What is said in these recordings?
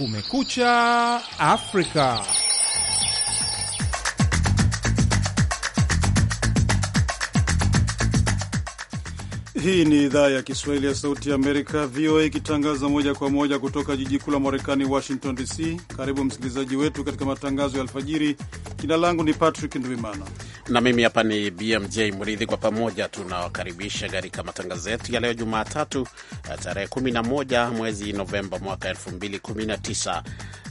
Kumekucha Afrika. Hii ni idhaa ya Kiswahili ya Sauti ya Amerika, VOA, ikitangaza moja kwa moja kutoka jiji kuu la Marekani, Washington DC. Karibu msikilizaji wetu katika matangazo ya alfajiri Jina langu ni Patrick Ndwimana na mimi hapa ni BMJ Mridhi. Kwa pamoja tunawakaribisha katika matangazo yetu ya leo Jumatatu eh, tarehe 11 mwezi Novemba mwaka 2019.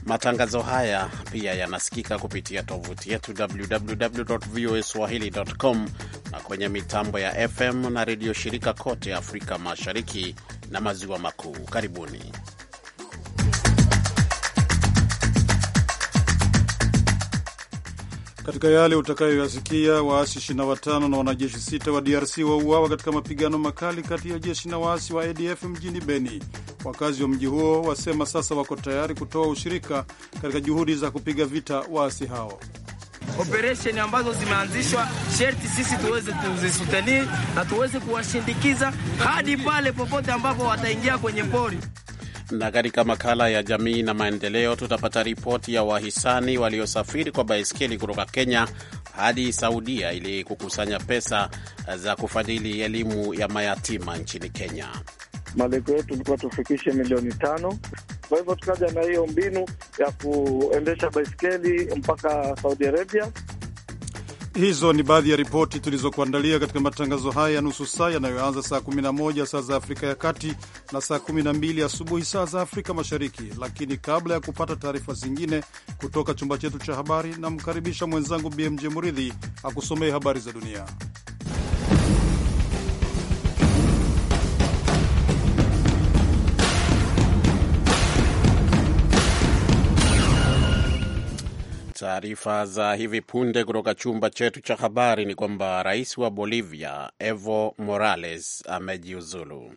Matangazo haya pia yanasikika kupitia tovuti yetu www voa swahili.com na kwenye mitambo ya FM na redio shirika kote Afrika Mashariki na Maziwa Makuu. Karibuni. Katika yale utakayoyasikia, waasi 25 na wanajeshi 6 wa DRC wauawa katika mapigano makali kati ya jeshi na waasi wa ADF mjini Beni. Wakazi wa mji huo wasema sasa wako tayari kutoa ushirika katika juhudi za kupiga vita waasi hao. Operesheni ambazo zimeanzishwa sherti sisi tuweze kuzisuteni na tuweze kuwashindikiza hadi pale popote ambapo wataingia kwenye pori. Na katika makala ya jamii na maendeleo, tutapata ripoti ya wahisani waliosafiri kwa baiskeli kutoka Kenya hadi Saudia ili kukusanya pesa za kufadhili elimu ya mayatima nchini Kenya. Malengo yetu ilikuwa tufikishe milioni tano. Kwa hivyo tukaja na hiyo mbinu ya kuendesha baiskeli mpaka Saudi Arabia. Hizo ni baadhi ya ripoti tulizokuandalia katika matangazo haya ya nusu saa yanayoanza saa 11 saa za Afrika ya Kati na saa 12 asubuhi saa za Afrika Mashariki. Lakini kabla ya kupata taarifa zingine kutoka chumba chetu cha habari, namkaribisha mwenzangu BMJ Muridhi akusomee habari za dunia. Taarifa za hivi punde kutoka chumba chetu cha habari ni kwamba rais wa Bolivia Evo Morales amejiuzulu.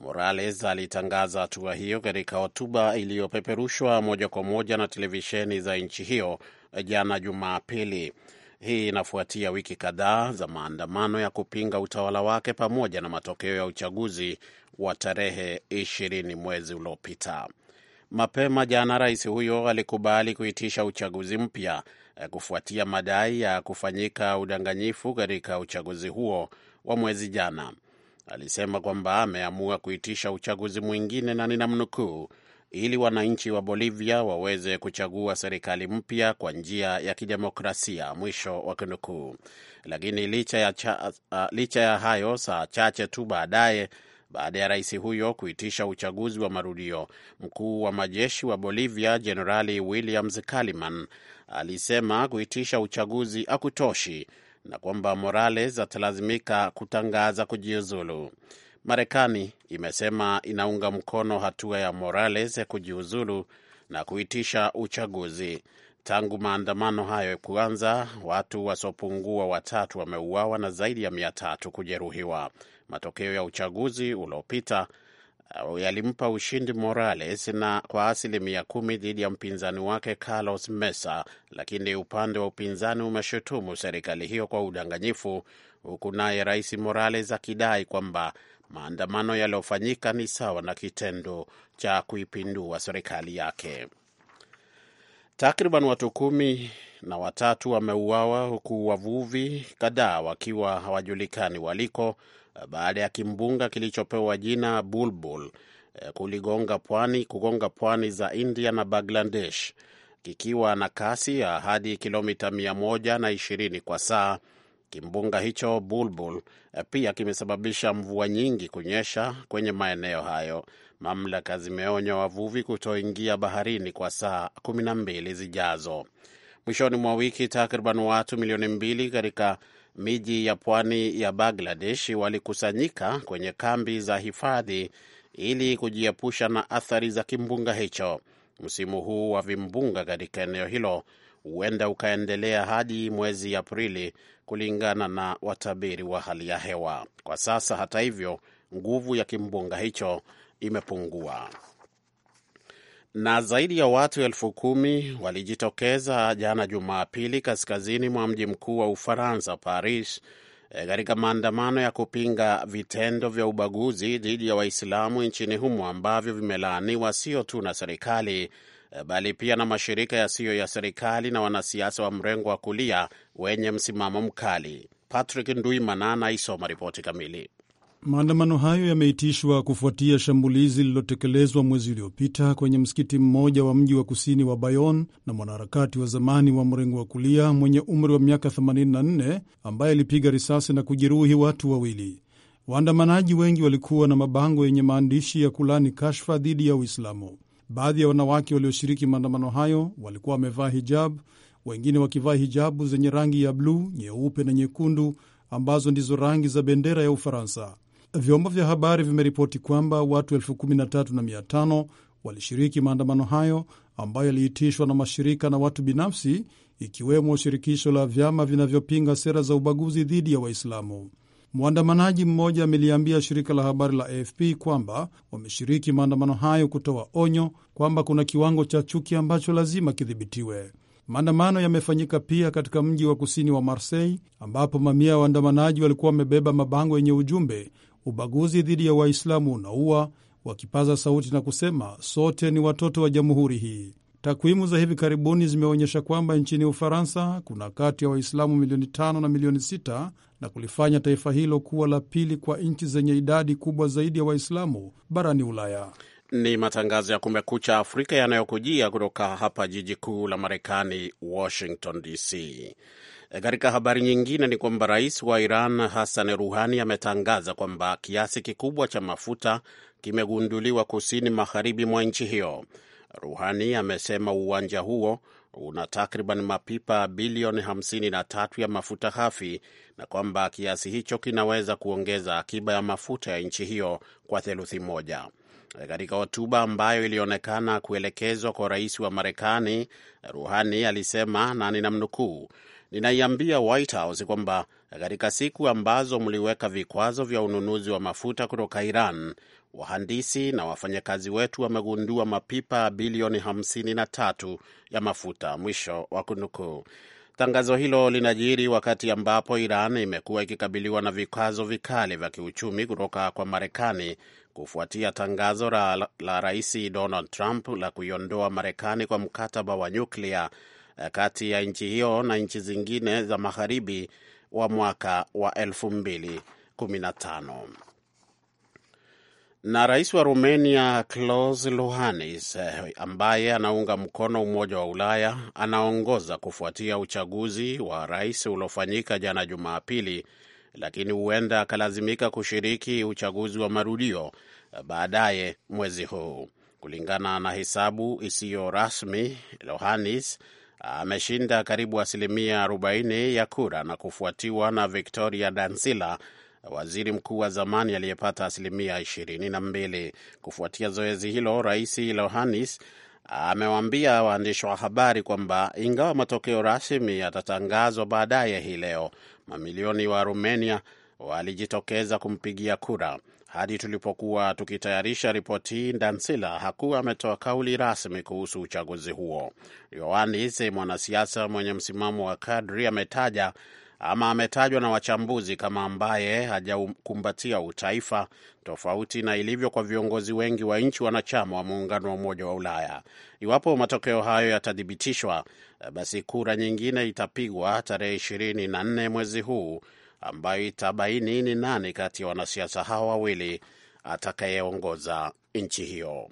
Morales alitangaza hatua hiyo katika hotuba iliyopeperushwa moja kwa moja na televisheni za nchi hiyo jana Jumapili. Hii inafuatia wiki kadhaa za maandamano ya kupinga utawala wake pamoja na matokeo ya uchaguzi wa tarehe ishirini mwezi uliopita. Mapema jana rais huyo alikubali kuitisha uchaguzi mpya eh, kufuatia madai ya kufanyika udanganyifu katika uchaguzi huo wa mwezi jana. Alisema kwamba ameamua kuitisha uchaguzi mwingine na ninamnukuu, ili wananchi wa Bolivia waweze kuchagua serikali mpya kwa njia ya kidemokrasia, mwisho wa kunukuu. Lakini licha ya, cha, uh, licha ya hayo, saa chache tu baadaye baada ya rais huyo kuitisha uchaguzi wa marudio. Mkuu wa majeshi wa Bolivia Jenerali Williams Kaliman alisema kuitisha uchaguzi hakutoshi na kwamba Morales atalazimika kutangaza kujiuzulu. Marekani imesema inaunga mkono hatua ya Morales ya kujiuzulu na kuitisha uchaguzi. Tangu maandamano hayo kuanza, watu wasiopungua watatu wameuawa na zaidi ya mia tatu kujeruhiwa matokeo ya uchaguzi uliopita uh, yalimpa ushindi Morales na kwa asilimia kumi dhidi ya mpinzani wake Carlos Mesa, lakini upande wa upinzani umeshutumu serikali hiyo kwa udanganyifu, huku naye Rais Morales akidai kwamba maandamano yaliyofanyika ni sawa na kitendo cha kuipindua serikali yake. Takriban watu kumi na watatu wameuawa huku wavuvi kadhaa wakiwa hawajulikani waliko baada ya kimbunga kilichopewa jina Bulbul eh, kuligonga pwani kugonga pwani za India na Bangladesh kikiwa na kasi ya hadi kilomita 120 kwa saa. Kimbunga hicho Bulbul eh, pia kimesababisha mvua nyingi kunyesha kwenye maeneo hayo. Mamlaka zimeonya wavuvi kutoingia baharini kwa saa 12 zijazo. Mwishoni mwa wiki takriban watu milioni mbili katika miji ya pwani ya Bangladesh walikusanyika kwenye kambi za hifadhi ili kujiepusha na athari za kimbunga hicho. Msimu huu wa vimbunga katika eneo hilo huenda ukaendelea hadi mwezi Aprili kulingana na watabiri wa hali ya hewa. Kwa sasa, hata hivyo, nguvu ya kimbunga hicho imepungua. Na zaidi ya watu elfu kumi walijitokeza jana Jumapili kaskazini mwa mji mkuu wa Ufaransa, Paris, eh, katika maandamano ya kupinga vitendo vya ubaguzi dhidi ya Waislamu nchini humo ambavyo vimelaaniwa sio tu na serikali eh, bali pia na mashirika yasiyo ya serikali na wanasiasa wa mrengo wa kulia wenye msimamo mkali. Patrick Nduimana anaisoma ripoti kamili. Maandamano hayo yameitishwa kufuatia shambulizi lililotekelezwa mwezi uliopita kwenye msikiti mmoja wa mji wa kusini wa Bayonne na mwanaharakati wa zamani wa mrengo wa kulia mwenye umri wa miaka 84 ambaye alipiga risasi na kujeruhi watu wawili. Waandamanaji wengi walikuwa na mabango yenye maandishi ya kulani kashfa dhidi ya Uislamu. Baadhi ya wanawake walioshiriki maandamano hayo walikuwa wamevaa hijab, wengine wakivaa hijabu zenye rangi ya bluu, nyeupe na nyekundu ambazo ndizo rangi za bendera ya Ufaransa vyombo vya habari vimeripoti kwamba watu elfu kumi na tatu na mia tano walishiriki maandamano hayo ambayo yaliitishwa na mashirika na watu binafsi ikiwemo shirikisho la vyama vinavyopinga sera za ubaguzi dhidi ya Waislamu. Mwandamanaji mmoja ameliambia shirika la habari la AFP kwamba wameshiriki maandamano hayo kutoa onyo kwamba kuna kiwango cha chuki ambacho lazima kidhibitiwe. Maandamano yamefanyika pia katika mji wa kusini wa Marseille ambapo mamia ya waandamanaji walikuwa wamebeba mabango yenye ujumbe ubaguzi dhidi ya Waislamu unaua, wakipaza sauti na kusema sote ni watoto wa jamhuri hii. Takwimu za hivi karibuni zimeonyesha kwamba nchini Ufaransa kuna kati ya Waislamu milioni tano na milioni sita na kulifanya taifa hilo kuwa la pili kwa nchi zenye idadi kubwa zaidi ya Waislamu barani Ulaya. Ni matangazo ya Kumekucha Afrika yanayokujia kutoka hapa jiji kuu la Marekani, Washington DC. E, katika habari nyingine ni kwamba rais wa Iran Hassan Ruhani ametangaza kwamba kiasi kikubwa cha mafuta kimegunduliwa kusini magharibi mwa nchi hiyo. Ruhani amesema uwanja huo una takriban mapipa bilioni 53 ya mafuta hafi na kwamba kiasi hicho kinaweza kuongeza akiba ya mafuta ya nchi hiyo kwa theluthi moja. Katika hotuba ambayo ilionekana kuelekezwa kwa rais wa Marekani, Ruhani alisema na ninamnukuu, ninaiambia White House kwamba katika siku ambazo mliweka vikwazo vya ununuzi wa mafuta kutoka Iran, wahandisi na wafanyakazi wetu wamegundua mapipa bilioni 53 ya mafuta, mwisho wa kunukuu. Tangazo hilo linajiri wakati ambapo Iran imekuwa ikikabiliwa na vikwazo vikali vya kiuchumi kutoka kwa Marekani kufuatia tangazo la, la Rais Donald Trump la kuiondoa Marekani kwa mkataba wa nyuklia eh, kati ya nchi hiyo na nchi zingine za magharibi wa mwaka wa 2015 na rais wa Romania Klaus Iohannis eh, ambaye anaunga mkono Umoja wa Ulaya anaongoza kufuatia uchaguzi wa rais uliofanyika jana Jumapili, lakini huenda akalazimika kushiriki uchaguzi wa marudio eh, baadaye mwezi huu. Kulingana na hesabu isiyo rasmi, Iohannis eh, ameshinda karibu asilimia 40 ya kura na kufuatiwa na Victoria Dansila waziri mkuu wa zamani aliyepata asilimia ishirini na mbili. Kufuatia zoezi hilo, Rais Lohanis amewaambia waandishi wa habari kwamba ingawa matokeo rasmi yatatangazwa baadaye hii leo, mamilioni wa Rumenia walijitokeza kumpigia kura. Hadi tulipokuwa tukitayarisha ripoti hii, Dansila hakuwa ametoa kauli rasmi kuhusu uchaguzi huo. Ioannis, mwanasiasa mwenye msimamo wa kadri, ametaja ama ametajwa na wachambuzi kama ambaye hajakumbatia utaifa tofauti na ilivyo kwa viongozi wengi wa nchi wanachama wa muungano wa Umoja wa Ulaya. Iwapo matokeo hayo yatathibitishwa, basi kura nyingine itapigwa tarehe ishirini na nne mwezi huu ambayo itabaini ni nani kati ya wanasiasa hawa wawili atakayeongoza nchi hiyo.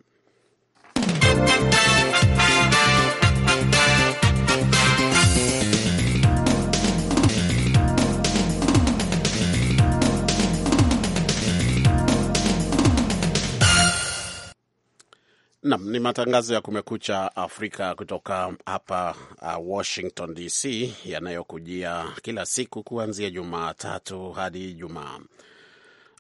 Nam ni matangazo ya Kumekucha Afrika kutoka hapa uh, Washington DC, yanayokujia kila siku kuanzia Jumatatu hadi Ijumaa.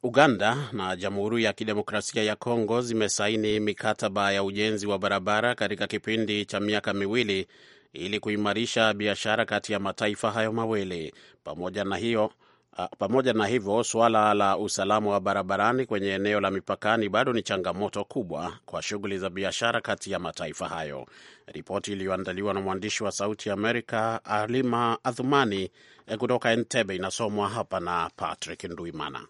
Uganda na Jamhuri ya Kidemokrasia ya Kongo zimesaini mikataba ya ujenzi wa barabara katika kipindi cha miaka miwili ili kuimarisha biashara kati ya mataifa hayo mawili. Pamoja na hiyo Ah, pamoja na hivyo, suala la usalama wa barabarani kwenye eneo la mipakani bado ni changamoto kubwa kwa shughuli za biashara kati ya mataifa hayo. Ripoti iliyoandaliwa na mwandishi wa Sauti ya Amerika Alima Adhumani eh, kutoka ntebe inasomwa hapa na Patrick Nduimana.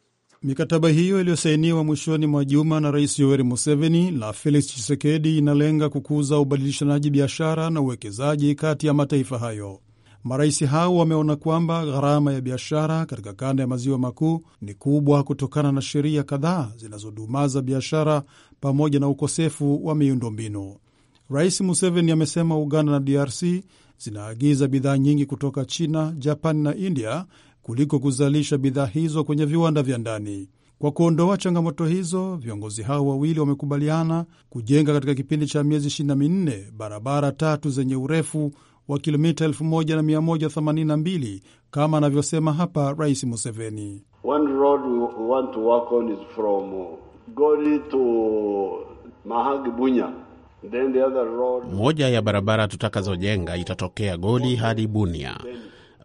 Mikataba hiyo iliyosainiwa mwishoni mwa juma na Rais Yoweri Museveni na Felix Tshisekedi inalenga kukuza ubadilishanaji biashara na uwekezaji kati ya mataifa hayo. Marais hao wameona kwamba gharama ya biashara katika kanda ya maziwa makuu ni kubwa kutokana na sheria kadhaa zinazodumaza biashara pamoja na ukosefu wa miundombinu. Rais Museveni amesema Uganda na DRC zinaagiza bidhaa nyingi kutoka China, Japan na India kuliko kuzalisha bidhaa hizo kwenye viwanda vya ndani. Kwa kuondoa changamoto hizo, viongozi hao wawili wamekubaliana kujenga katika kipindi cha miezi 24 barabara tatu zenye urefu wa kilomita 1182 kama anavyosema hapa Rais Museveni. One road we want to work on is from to Mahagi Bunya. Then the other road... moja ya barabara tutakazojenga itatokea Goli hadi Bunia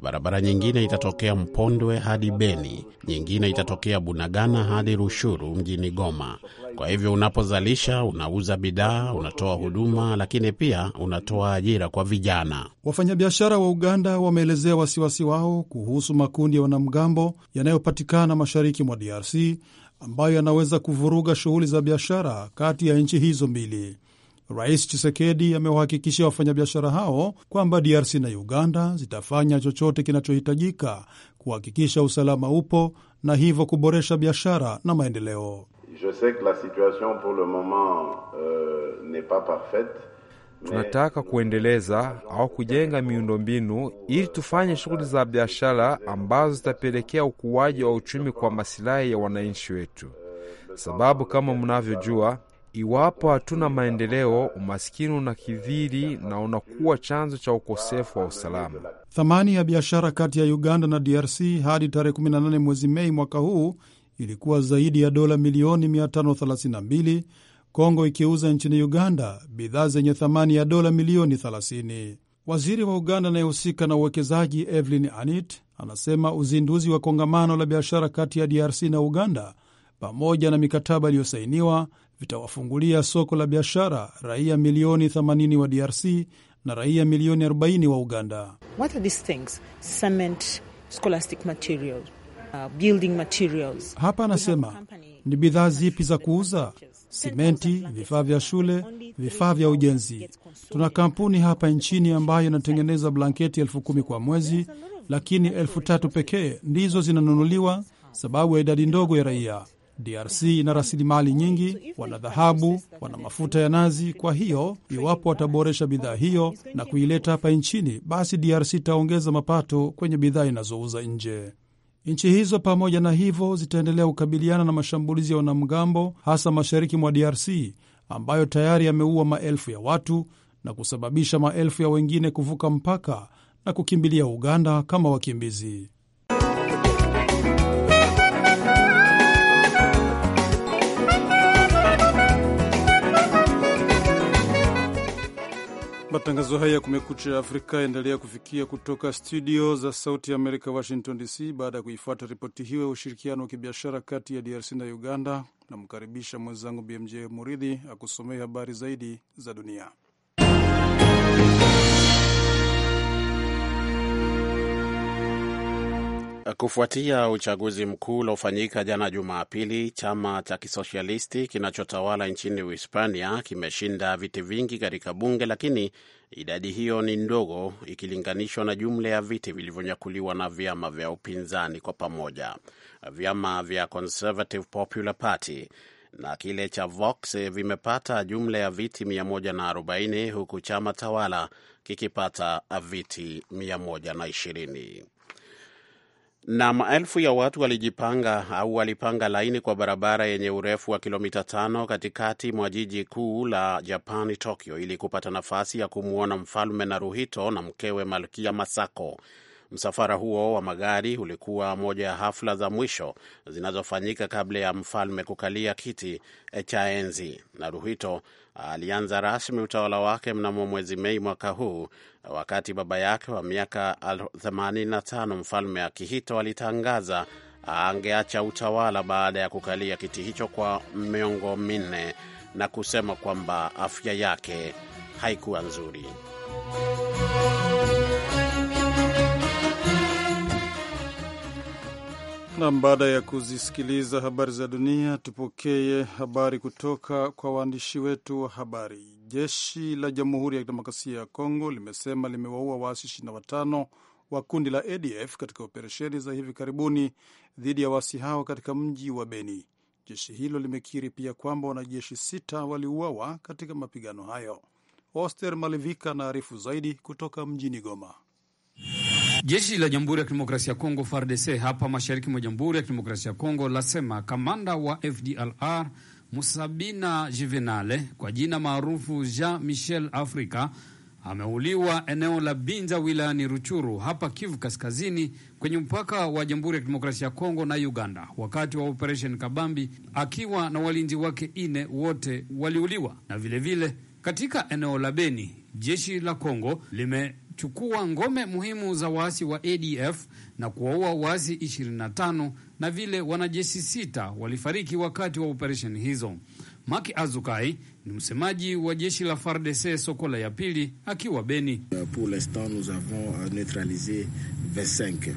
Barabara nyingine itatokea Mpondwe hadi Beni, nyingine itatokea Bunagana hadi Rushuru mjini Goma. Kwa hivyo unapozalisha, unauza bidhaa, unatoa huduma, lakini pia unatoa ajira kwa vijana. Wafanyabiashara wa Uganda wameelezea wasiwasi wao kuhusu makundi ya wanamgambo yanayopatikana mashariki mwa DRC ambayo yanaweza kuvuruga shughuli za biashara kati ya nchi hizo mbili. Rais Chisekedi amewahakikishia wafanyabiashara hao kwamba DRC na Uganda zitafanya chochote kinachohitajika kuhakikisha usalama upo na hivyo kuboresha biashara na maendeleo. Je sais que la situation pour le moment, uh, n'est pas parfaite. Tunataka kuendeleza au kujenga miundombinu ili tufanye shughuli za biashara ambazo zitapelekea ukuaji wa uchumi kwa masilahi ya wananchi wetu, euh, sababu kama mnavyojua Iwapo hatuna maendeleo, umaskini unakithiri na unakuwa chanzo cha ukosefu wa usalama. Thamani ya biashara kati ya Uganda na DRC hadi tarehe 18 mwezi Mei mwaka huu ilikuwa zaidi ya dola milioni 532, Kongo ikiuza nchini Uganda bidhaa zenye thamani ya dola milioni 30. Waziri wa Uganda anayehusika na uwekezaji Evelyn Anit anasema uzinduzi wa kongamano la biashara kati ya DRC na Uganda pamoja na mikataba iliyosainiwa vitawafungulia soko la biashara raia milioni 80 wa DRC na raia milioni 40 wa Uganda. What are these things? Cement, scholastic materials, uh, building materials. Hapa anasema ni bidhaa zipi za kuuza? Simenti, vifaa vya shule, vifaa vya ujenzi. Tuna kampuni hapa nchini ambayo inatengeneza blanketi elfu kumi kwa mwezi, lakini elfu tatu pekee ndizo zinanunuliwa sababu ya idadi ndogo ya raia. DRC ina rasilimali nyingi, wana dhahabu, wana mafuta ya nazi. Kwa hiyo iwapo wataboresha bidhaa hiyo na kuileta hapa nchini, basi DRC itaongeza mapato kwenye bidhaa inazouza nje. Nchi hizo pamoja na hivyo zitaendelea kukabiliana na mashambulizi ya wanamgambo, hasa mashariki mwa DRC ambayo tayari yameua maelfu ya watu na kusababisha maelfu ya wengine kuvuka mpaka na kukimbilia Uganda kama wakimbizi. Matangazo haya ya Kumekucha Afrika yaendelea kufikia kutoka studio za Sauti ya Amerika, Washington DC. Baada ya kuifuata ripoti hiyo ya ushirikiano wa kibiashara kati ya DRC na Uganda, namkaribisha mwenzangu BMJ Muridhi akusomea habari zaidi za dunia. Kufuatia uchaguzi mkuu uliofanyika jana Jumapili, chama cha kisosialisti kinachotawala nchini Uhispania kimeshinda viti vingi katika bunge, lakini idadi hiyo ni ndogo ikilinganishwa na jumla ya viti vilivyonyakuliwa na vyama vya upinzani kwa pamoja, vyama vya Conservative Popular Party na kile cha Vox vimepata jumla ya viti 140 huku chama tawala kikipata viti 120 na maelfu ya watu walijipanga au walipanga laini kwa barabara yenye urefu wa kilomita tano katikati mwa jiji kuu la Japani, Tokyo, ili kupata nafasi ya kumwona mfalme Naruhito na mkewe Malkia Masako. Msafara huo wa magari ulikuwa moja ya hafla za mwisho zinazofanyika kabla ya mfalme kukalia kiti cha enzi. Naruhito alianza rasmi utawala wake mnamo mwezi Mei mwaka huu, wakati baba yake wa miaka 85 mfalme Akihito alitangaza angeacha utawala baada ya kukalia kiti hicho kwa miongo minne na kusema kwamba afya yake haikuwa nzuri. Nam, baada ya kuzisikiliza habari za dunia, tupokee habari kutoka kwa waandishi wetu wa habari. Jeshi la Jamhuri ya Kidemokrasia ya Kongo limesema limewaua waasi 25 wa kundi la ADF katika operesheni za hivi karibuni dhidi ya waasi hao katika mji wa Beni. Jeshi hilo limekiri pia kwamba wanajeshi sita waliuawa katika mapigano hayo. Oster Malivika anaarifu zaidi kutoka mjini Goma. Jeshi la Jamhuri ya Kidemokrasia ya Kongo FARDC hapa mashariki mwa Jamhuri ya Kidemokrasia ya Kongo lasema kamanda wa FDLR Musabina Jivenale kwa jina maarufu Jean Michel Africa ameuliwa eneo la Binza wilayani Ruchuru hapa Kivu Kaskazini kwenye mpaka wa Jamhuri ya Kidemokrasia ya Kongo na Uganda wakati wa Operation Kabambi akiwa na walinzi wake ine wote waliuliwa. Na vilevile vile, katika eneo la Beni jeshi la Kongo lime kuchukua ngome muhimu za waasi wa ADF na kuwaua waasi 25 na vile wanajeshi sita walifariki wakati wa operesheni hizo. Maki Azukai ni msemaji wa jeshi la FARDC Sokola ya pili akiwa Beni. Pour l'instant nous avons neutralisé 25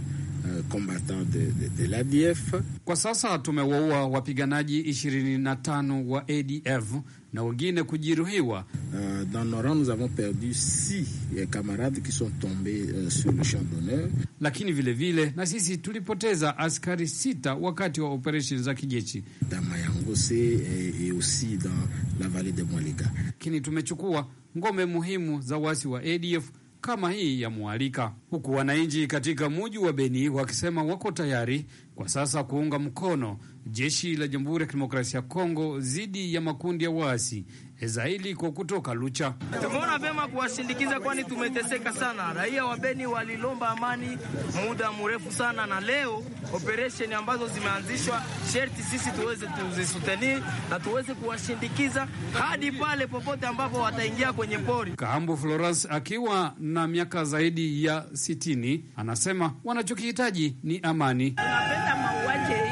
Euh, de l'ADF. Kwa sasa tumewaua wapiganaji 25 wa ADF na wengine kujeruhiwa. Uh, dans nos rangs nous avons perdu six euh, camarades qui sont tombés uh, sur le champ d'honneur. Lakini vile vile na sisi tulipoteza askari sita wakati wa operesheni za kijeshi dans Mayangose et, euh, et aussi dans la vallée de Lakini tumechukua ngome muhimu za wasi wa ADF kama hii ya Mwalika, huku wananchi katika muji wa Beni wakisema wako tayari kwa sasa kuunga mkono jeshi la Jamhuri ya Kidemokrasia ya Kongo dhidi ya makundi ya waasi zaidi kwa kutoka Lucha. Tumeona vyema kuwashindikiza, kwani tumeteseka sana. Raia wa Beni walilomba amani muda mrefu sana, na leo operesheni ambazo zimeanzishwa sherti sisi tuweze tuzisuteni na tuweze kuwashindikiza hadi pale popote ambapo wataingia kwenye pori. Kahambu Florence akiwa na miaka zaidi ya sitini anasema wanachokihitaji ni amani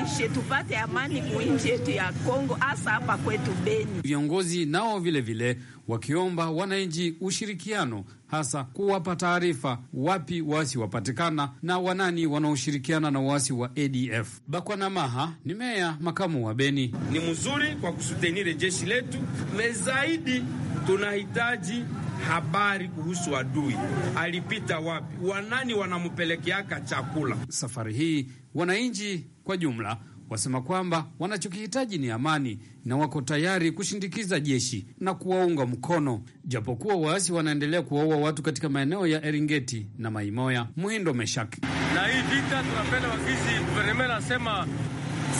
tuishe tupate amani kuinchi yetu ya Kongo, hasa hapa kwetu Beni. Viongozi nao vilevile vile, wakiomba wananchi ushirikiano hasa kuwapa taarifa wapi waasi wapatikana na wanani wanaoshirikiana na waasi wa ADF. Bakwana Maha ni meya makamu wa Beni. Ni mzuri kwa kusutenire jeshi letu me zaidi, tunahitaji habari kuhusu adui alipita wapi, wanani wanampelekeaka chakula. Safari hii wananchi kwa jumla, wasema kwamba wanachokihitaji ni amani na wako tayari kushindikiza jeshi na kuwaunga mkono, japokuwa waasi wanaendelea kuwaua watu katika maeneo ya Eringeti na Maimoya. Muhindo Meshaki: na hii vita tunapenda wakisi guvernemera asema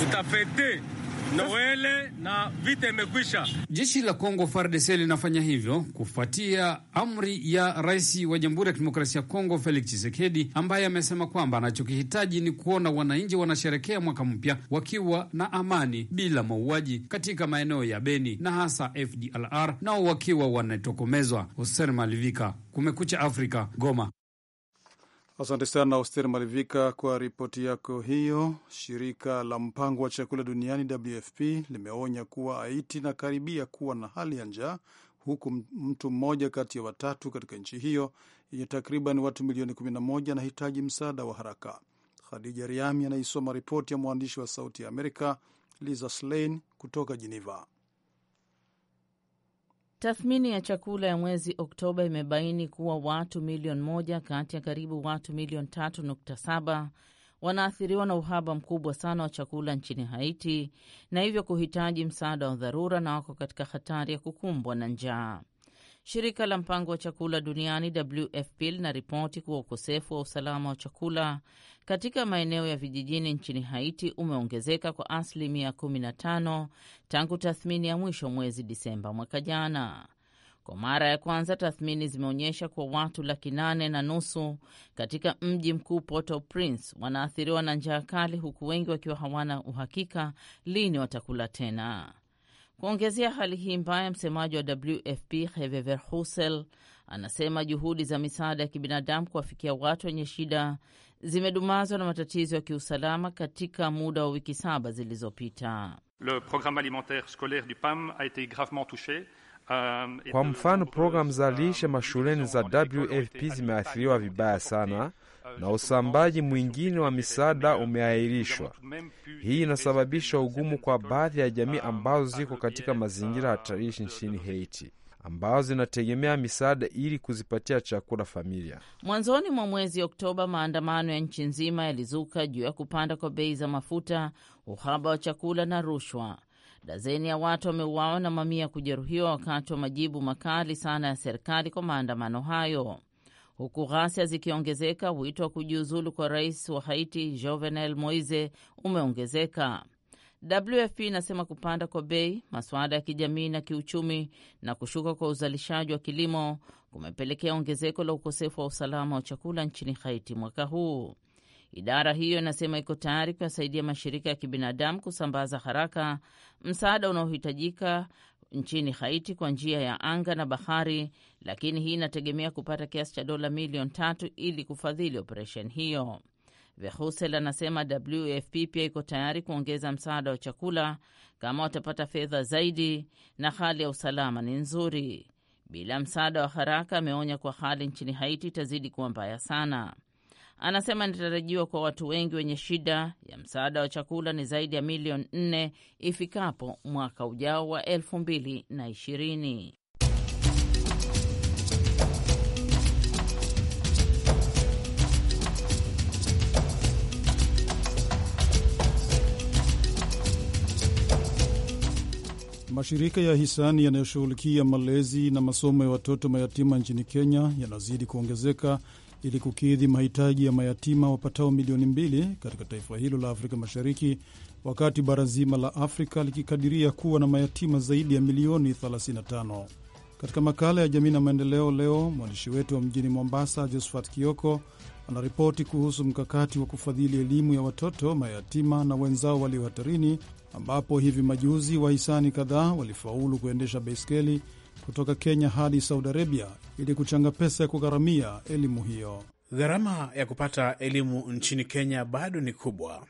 tutafete Noele na vita imekwisha. Jeshi la Kongo FARDC linafanya hivyo kufuatia amri ya rais wa Jamhuri ya Kidemokrasia ya Kongo Felix Tshisekedi, ambaye amesema kwamba anachokihitaji ni kuona wananchi wanasherekea mwaka mpya wakiwa na amani bila mauaji katika maeneo ya Beni na hasa FDLR nao wakiwa wanatokomezwa. Hosen Malivika, Kumekucha Afrika, Goma. Asante sana Oster Malivika kwa ripoti yako hiyo. Shirika la mpango wa chakula duniani WFP limeonya kuwa Haiti inakaribia kuwa na hali ya njaa, huku mtu mmoja kati ya watatu katika nchi hiyo yenye takriban watu milioni 11 anahitaji msaada wa haraka. Khadija Riami anaisoma ripoti ya mwandishi wa Sauti ya Amerika Lisa Slein kutoka Geneva. Tathmini ya chakula ya mwezi Oktoba imebaini kuwa watu milioni moja kati ya karibu watu milioni 3.7 wanaathiriwa na uhaba mkubwa sana wa chakula nchini Haiti na hivyo kuhitaji msaada wa dharura na wako katika hatari ya kukumbwa na njaa. Shirika la mpango wa chakula duniani WFP linaripoti kuwa ukosefu wa usalama wa chakula katika maeneo ya vijijini nchini Haiti umeongezeka kwa asilimia 15 tangu tathmini ya mwisho mwezi Disemba mwaka jana. Kwa mara ya kwanza tathmini zimeonyesha kuwa watu laki nane na nusu katika mji mkuu porto prince wanaathiriwa na njaa kali, huku wengi wakiwa hawana uhakika lini watakula tena. Kuongezea hali hii mbaya, msemaji wa WFP Heve Verhulsen anasema juhudi za misaada ya kibinadamu kuwafikia watu wenye shida zimedumazwa na matatizo ya kiusalama katika muda wa wiki saba zilizopita. Le programme alimentaire scolaire du PAM a été gravement touché. Euh, Kwa mfano programu za lishe mashuleni za WFP zimeathiriwa vibaya sana na usambaji mwingine wa misaada umeahirishwa. Hii inasababisha ugumu kwa baadhi ya jamii ambazo ziko katika mazingira hatarishi nchini Haiti ambazo zinategemea misaada ili kuzipatia chakula familia. Mwanzoni mwa mwezi Oktoba, maandamano ya nchi nzima yalizuka juu ya kupanda kwa bei za mafuta, uhaba wa chakula na rushwa. Dazeni ya watu wameuawa na mamia kujeruhiwa wakati wa majibu makali sana ya serikali kwa maandamano hayo huku ghasia zikiongezeka. Wito wa kujiuzulu kwa rais wa Haiti Jovenel Moise umeongezeka. WFP inasema kupanda kwa bei, masuala ya kijamii na kiuchumi na kushuka kwa uzalishaji wa kilimo kumepelekea ongezeko la ukosefu wa usalama wa chakula nchini Haiti mwaka huu. Idara hiyo inasema iko tayari kuyasaidia mashirika ya kibinadamu kusambaza haraka msaada unaohitajika nchini Haiti kwa njia ya anga na bahari, lakini hii inategemea kupata kiasi cha dola milioni tatu ili kufadhili operesheni hiyo. Vehusel anasema WFP pia iko tayari kuongeza msaada wa chakula kama watapata fedha zaidi na hali ya usalama ni nzuri. Bila msaada wa haraka, ameonya kuwa hali nchini Haiti itazidi kuwa mbaya sana. Anasema inatarajiwa kwa watu wengi wenye shida ya msaada wa chakula ni zaidi ya milioni nne ifikapo mwaka ujao wa elfu mbili na ishirini. Mashirika ya hisani yanayoshughulikia malezi na masomo ya watoto mayatima nchini Kenya yanazidi kuongezeka ili kukidhi mahitaji ya mayatima wapatao milioni mbili katika taifa hilo la Afrika Mashariki, wakati bara zima la Afrika likikadiria kuwa na mayatima zaidi ya milioni 35. Katika makala ya jamii na maendeleo leo, mwandishi wetu wa mjini Mombasa, Josephat Kioko, anaripoti kuhusu mkakati wa kufadhili elimu ya watoto mayatima na wenzao walio hatarini, ambapo hivi majuzi wahisani kadhaa walifaulu kuendesha baiskeli kutoka Kenya hadi Saudi Arabia ili kuchanga pesa ya kugharamia elimu hiyo. Gharama ya kupata elimu nchini Kenya bado ni kubwa,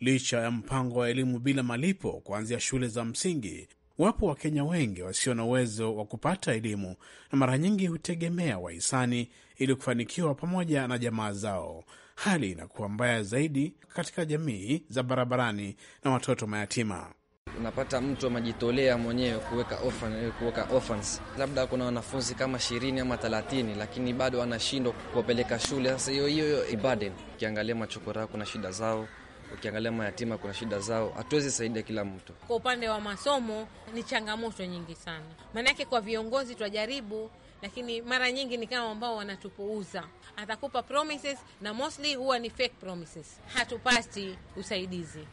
licha ya mpango wa elimu bila malipo kuanzia shule za msingi. Wapo Wakenya wengi wasio na uwezo wa kupata elimu na mara nyingi hutegemea wahisani ili kufanikiwa pamoja na jamaa zao. Hali inakuwa mbaya zaidi katika jamii za barabarani na watoto mayatima unapata mtu amejitolea mwenyewe kuweka orphan, eh, kuweka orphans. Labda kuna wanafunzi kama ishirini ama thelathini, lakini bado anashindwa kuwapeleka shule. Sasa hiyo hiyo ibaden, ukiangalia machokora kuna shida zao ukiangalia mayatima kuna shida zao, hatuwezi saidia kila mtu. Kwa upande wa masomo ni changamoto nyingi sana, maanake kwa viongozi twajaribu, lakini mara nyingi ni kama ambao wanatupuuza. Atakupa promises na mostly huwa ni fake promises, hatupati usaidizi.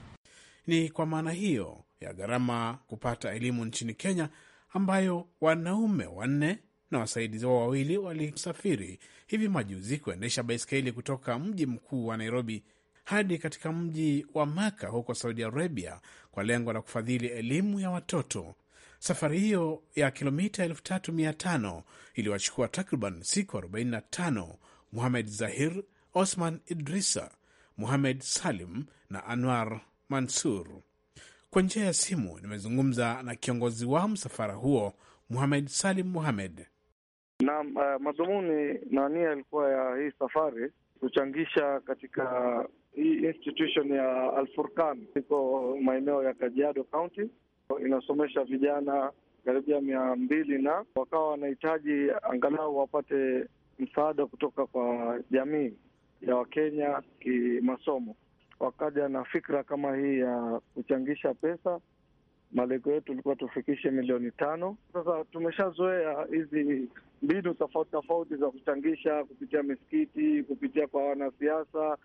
Ni kwa maana hiyo ya gharama kupata elimu nchini Kenya, ambayo wanaume wanne na wasaidizi wao wawili walisafiri hivi majuzi kuendesha baiskeli kutoka mji mkuu wa Nairobi hadi katika mji wa Maka huko Saudi Arabia kwa lengo la kufadhili elimu ya watoto. Safari hiyo ya kilomita 3500 iliwachukua takriban siku 45 Muhamed Zahir, Osman Idrisa, Muhamed Salim na Anwar Mansur. Kwa njia ya simu nimezungumza na kiongozi wa msafara huo Muhamed Salim Muhamed. Na uh, eh, madhumuni na nia yalikuwa ya hii safari kuchangisha katika hii institution ya Alfurkan iko maeneo ya Kajiado County, inasomesha vijana karibia mia mbili na wakawa wanahitaji angalau wapate msaada kutoka kwa jamii ya Wakenya kimasomo wakaja na fikra kama hii ya kuchangisha pesa. Malengo yetu ilikuwa tufikishe milioni tano. Sasa tumeshazoea hizi mbinu tofauti tofauti za kuchangisha kupitia misikiti, kupitia kwa wanasiasa,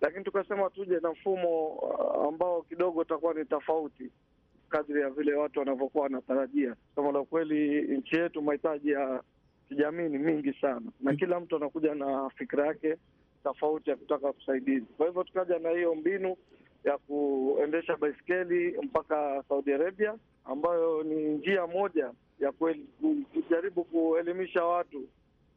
lakini tukasema tuje na mfumo uh, ambao kidogo utakuwa ni tofauti kadri ya vile watu wanavyokuwa wanatarajia. Kama la ukweli nchi yetu mahitaji ya kijamii ni mingi sana, na kila mtu anakuja na fikra yake tofauti ya kutaka usaidizi. Kwa hivyo tukaja na hiyo mbinu ya kuendesha baiskeli mpaka Saudi Arabia, ambayo ni njia moja ya kujaribu kuelimisha watu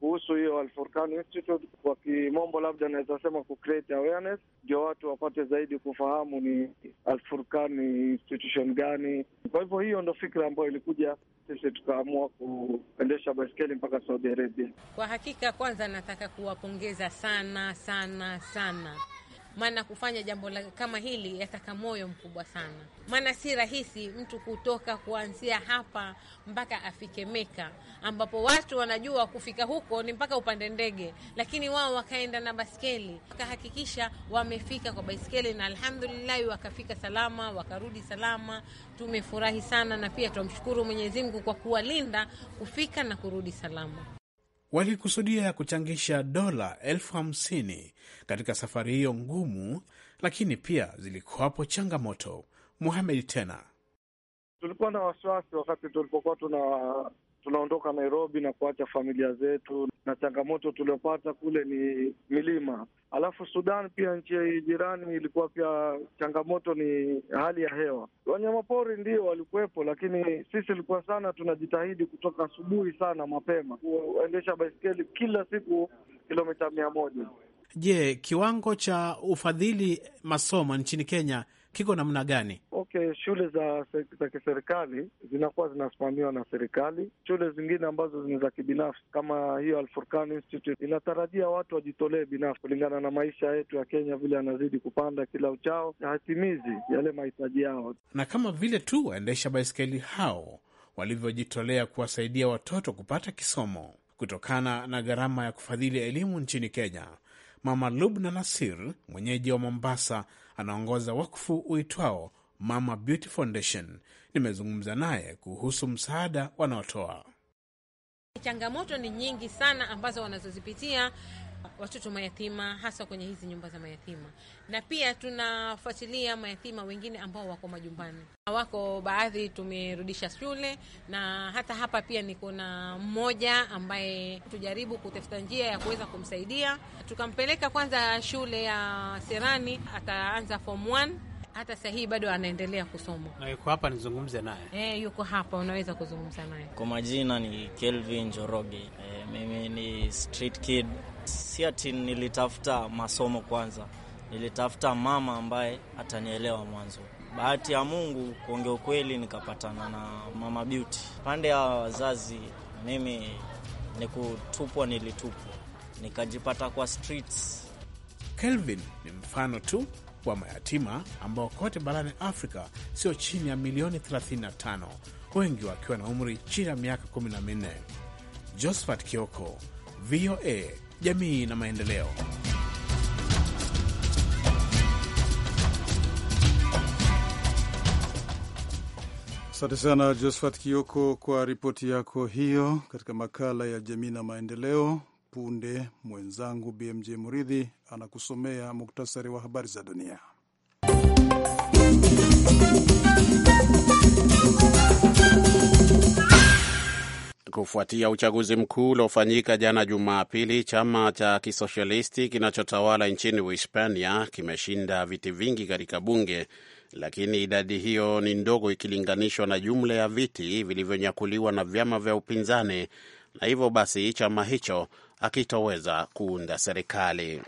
kuhusu hiyo Alfurkan Institute, kwa kimombo labda naweza sema ku create awareness, ndio watu wapate zaidi kufahamu ni Alfurkan institution gani. Kwa hivyo hiyo ndo fikra ambayo ilikuja sisi tukaamua kuendesha baiskeli mpaka Saudi Arabia. Kwa hakika, kwanza nataka kuwapongeza sana sana sana maana kufanya jambo la kama hili yataka moyo mkubwa sana, maana si rahisi mtu kutoka kuanzia hapa mpaka afike Meka, ambapo watu wanajua kufika huko ni mpaka upande ndege, lakini wao wakaenda na baskeli, wakahakikisha wamefika kwa baskeli, na alhamdulillahi wakafika salama, wakarudi salama. Tumefurahi sana, na pia tunamshukuru Mwenyezi Mungu kwa kuwalinda kufika na kurudi salama walikusudia kuchangisha dola elfu hamsini katika safari hiyo ngumu, lakini pia zilikuwapo changamoto. Muhamed tena tulikuwa na wasiwasi wakati tulipokuwa tuna tunaondoka Nairobi na kuacha familia zetu na changamoto tuliopata kule ni milima. Alafu Sudan pia nchi jirani ilikuwa pia changamoto ni hali ya hewa. Wanyamapori ndio walikuwepo, lakini sisi likuwa sana tunajitahidi kutoka asubuhi sana mapema kuendesha baiskeli kila siku kilomita mia moja. Je, kiwango cha ufadhili masomo nchini Kenya kiko namna gani? Okay, shule za za kiserikali zinakuwa zinasimamiwa na serikali. Shule zingine ambazo ni za kibinafsi kama hiyo Alfurkan Institute inatarajia watu wajitolee binafsi, kulingana na maisha yetu ya Kenya vile yanazidi kupanda kila uchao, na hatimizi yale mahitaji yao, na kama vile tu waendesha baiskeli hao walivyojitolea kuwasaidia watoto kupata kisomo kutokana na gharama ya kufadhili elimu nchini Kenya. Mama Lubna Nasir, mwenyeji wa Mombasa, anaongoza wakfu uitwao Mama Beauty Foundation. Nimezungumza naye kuhusu msaada wanaotoa. Changamoto ni nyingi sana ambazo wanazozipitia watoto mayatima hasa kwenye hizi nyumba za mayatima, na pia tunafuatilia mayatima wengine ambao wako majumbani, wako baadhi tumerudisha shule, na hata hapa pia niko na mmoja ambaye tujaribu kutafuta njia ya kuweza kumsaidia. Tukampeleka kwanza shule ya Serani, ataanza form 1 hata sasa hii bado anaendelea kusoma na yuko hapa, nizungumze naye eh, yuko hapa, unaweza kuzungumza naye. Kwa majina ni Kelvin Joroge. E, eh, mimi ni street kid, si ati nilitafuta masomo kwanza, nilitafuta mama ambaye atanielewa mwanzo. Bahati ya Mungu, kuongea ukweli, nikapatana na mama Beauty. Pande ya wazazi mimi ni kutupwa, nilitupwa nikajipata kwa streets. Kelvin ni mfano tu wa mayatima ambao kote barani Afrika sio chini ya milioni 35, wengi wakiwa na umri chini ya miaka 14. Josephat Kioko, VOA Jamii na Maendeleo. Asante sana Josephat Kioko kwa ripoti yako hiyo katika makala ya jamii na maendeleo punde mwenzangu BMJ Muridhi anakusomea muktasari wa habari za dunia. Kufuatia uchaguzi mkuu uliofanyika jana Jumapili, chama cha kisoshalisti kinachotawala nchini Uhispania kimeshinda viti vingi katika bunge, lakini idadi hiyo ni ndogo ikilinganishwa na jumla ya viti vilivyonyakuliwa na vyama vya upinzani, na hivyo basi chama hicho akitoweza kuunda serikali.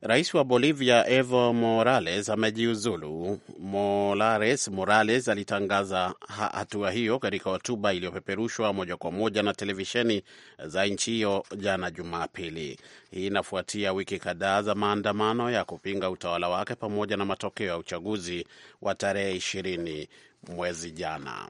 Rais wa Bolivia Evo Morales amejiuzulu. Morales Morales alitangaza hatua hiyo katika hotuba iliyopeperushwa moja kwa moja na televisheni za nchi hiyo jana Jumapili. Hii inafuatia wiki kadhaa za maandamano ya kupinga utawala wake pamoja na matokeo ya uchaguzi wa tarehe ishirini mwezi jana.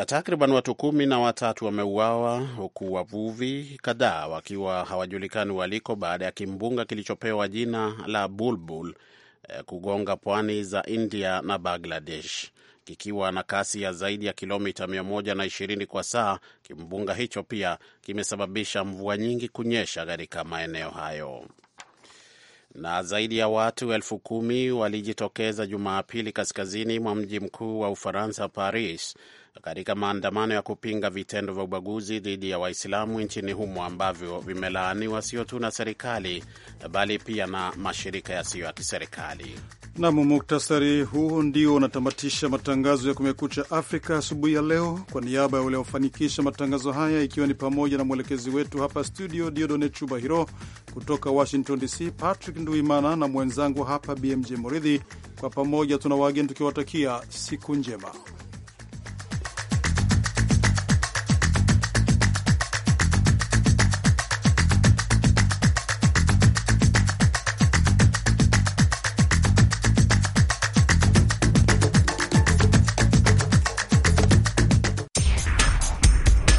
Eh, takriban watu kumi na watatu wameuawa huku wavuvi kadhaa wakiwa hawajulikani waliko baada ya kimbunga kilichopewa jina la Bulbul eh, kugonga pwani za India na Bangladesh kikiwa na kasi ya zaidi ya kilomita 120 kwa saa. Kimbunga hicho pia kimesababisha mvua nyingi kunyesha katika maeneo hayo. Na zaidi ya watu elfu kumi walijitokeza Jumapili kaskazini mwa mji mkuu wa Ufaransa, Paris, katika maandamano ya kupinga vitendo vya ubaguzi dhidi ya Waislamu nchini humo ambavyo vimelaaniwa sio tu na serikali bali pia na mashirika yasiyo ya kiserikali. Nam, muktasari huu ndio unatamatisha matangazo ya Kumekucha Afrika asubuhi ya leo. Kwa niaba ya waliofanikisha matangazo haya, ikiwa ni pamoja na mwelekezi wetu hapa studio Diodone Chubahiro, kutoka Washington DC Patrick Nduimana na mwenzangu hapa BMJ Moridhi, kwa pamoja tuna wageni tukiwatakia siku njema.